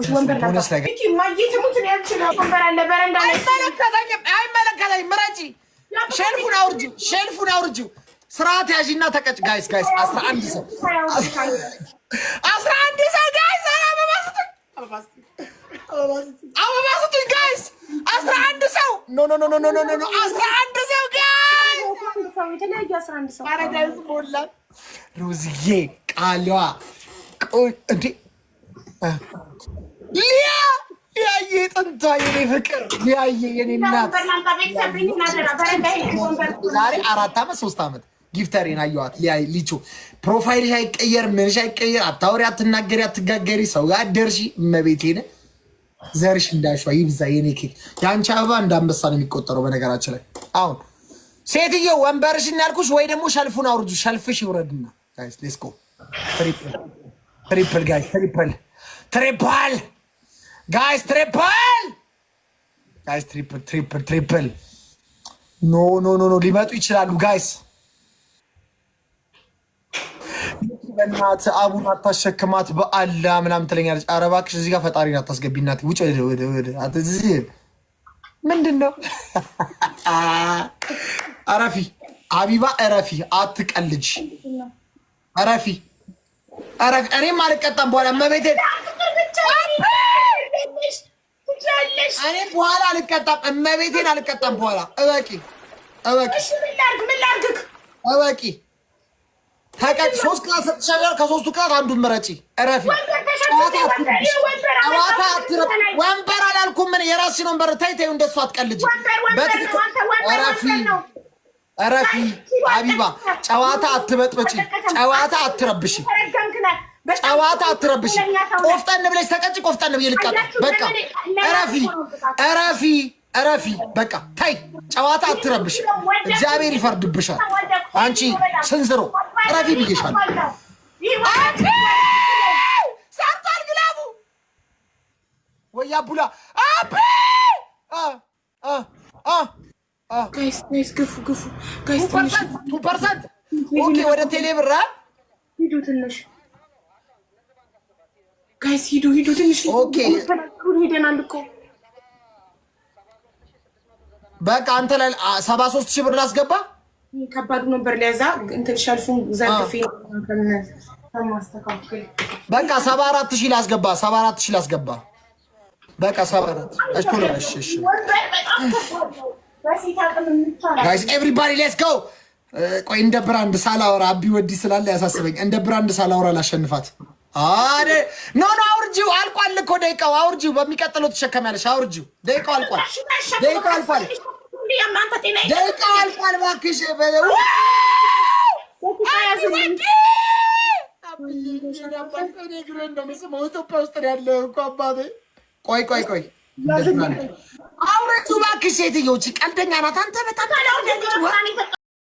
አይመለከተኝም። ምረጪ፣ ሸልፉን አውርጂው፣ ሸልፉን አውርጂው። ስርዓት ያዥና ተቀጭ። ጋይስ ጋይስ፣ አስራ አንድ ሰው አስራ አንድ ሰው ጋይስ፣ አበባ ስጡኝ ጋይስ፣ አስራ አንድ ሰው ኖ ኖ ኖ ኖ ኖ ኖ አስራ አንድ ሰው ጋይስ ሩዝዬ ቃሏ እንዴ ሊያ ሊያየ ጥንቷ የኔ ፍቅር ሊያየ የኔ እናት ዛሬ አራት ዓመት ሶስት ዓመት ጊፍተሬን አየኋት። ሊቹ ፕሮፋይልሽ አይቀየር፣ ምንሽ አይቀየር፣ አታወሪ፣ አትናገሪ፣ አትጋገሪ፣ ሰው ጋር ደርሺ። እመቤቴን ዘርሽ እንዳሸዋ ይብዛ የኔ ኬክ። የአንቺ አበባ እንዳንበሳ ነው የሚቆጠረው። በነገራችን ላይ አሁን ሴትዮ ወንበርሽ እናልኩሽ ወይ ደግሞ ሸልፉን አውርጁ። ሸልፍሽ ይውረድና ትሪፕል ትሪፕል ትሪፕል ትሪፕል ጋይስ፣ ትሪፕል ጋይስ፣ ትሪፕል ትሪፕል ትሪፕል። ኖ ኖ ኖ ኖ፣ ሊመጡ ይችላሉ ጋይስ። በእናትህ አቡን አታሸክማት በአላ ምናምን ትለኛለች። ኧረ እባክሽ እዚህ ጋር ፈጣሪ አታስገቢ ውጭ ምንድን ነው እረፊ፣ እረፊ፣ አትቀልጅ፣ እረፊ፣ እኔም አልቀጣም በኋላ እኔ በኋላ አልቀጣም፣ እመቤቴን አልቀጣም። በኋላ እበቂ እበቂ እበቂ። ተቀጭ ሶስት ቅጣት ሰጥሻለሁ። ከሶስቱ ቅጣት አንዱን ምረጪ። እረፊ። ወንበር አላልኩም። ምን የራስሽን ወንበር ተይ ተይው፣ እንደሱ አትቀልጂ። እረፊ እረፊ። አቢባ ጨዋታ አትበጥበጪ፣ ጨዋታ አትረብሽ ጨዋታ አትረብሽ። ቆፍጠን ብለሽ ተቀጭ። ቆፍጠን ብዬ ልቀጥ። በቃ እረፊ፣ እረፊ፣ እረፊ። በቃ ታይ። ጨዋታ አትረብሽ። እግዚአብሔር ይፈርድብሻል። አንቺ ስንዝሮ እረፊ ብዬሻል። ሰርቷል ግላቡ ወይ አቡላ አብ ፐርሰንት ኦኬ። ወደ ቴሌብር ሂዱ ትንሽ ጋይስ ሂዱ ሂዱ፣ ትንሽ ሄደናል እኮ በቃ አንተ ላይ ሰባ ሶስት ሺህ ብር ላስገባ። ከባዱ ነበር ሊያዛ እንትን ሸልፉን ዘርፌ በቃ ሰባ አራት ሺህ ላስገባ፣ ሰባ አራት ሺህ ላስገባ። በቃ ሰባ አራት እሺ፣ እሺ፣ ጋይስ ኤቭሪባዲ ሌትስ ጎ። ቆይ እንደ ብራንድ ሳላወራ አቢ ወዲ ስላለ ያሳስበኝ። እንደ ብራንድ ሳላወራ ላሸንፋት አረ ኖ ኖ አውርጂው፣ አልቋል እኮ ደቂቃው። አውርጂው፣ በሚቀጥለው ትሸከሚያለሽ። አውርጂው፣ ደቂቃው አልቋል፣ ደቂቃው አልቋል፣ ደቂቃው አልቋል። እባክሽ ኢትዮጵያ ውስጥ ያለ እኮ አባቴ። ቆይ ቆይ ቆይ አውርጂው እባክሽ። ሴትዮች ቀልደኛ ናት አንተ በጣም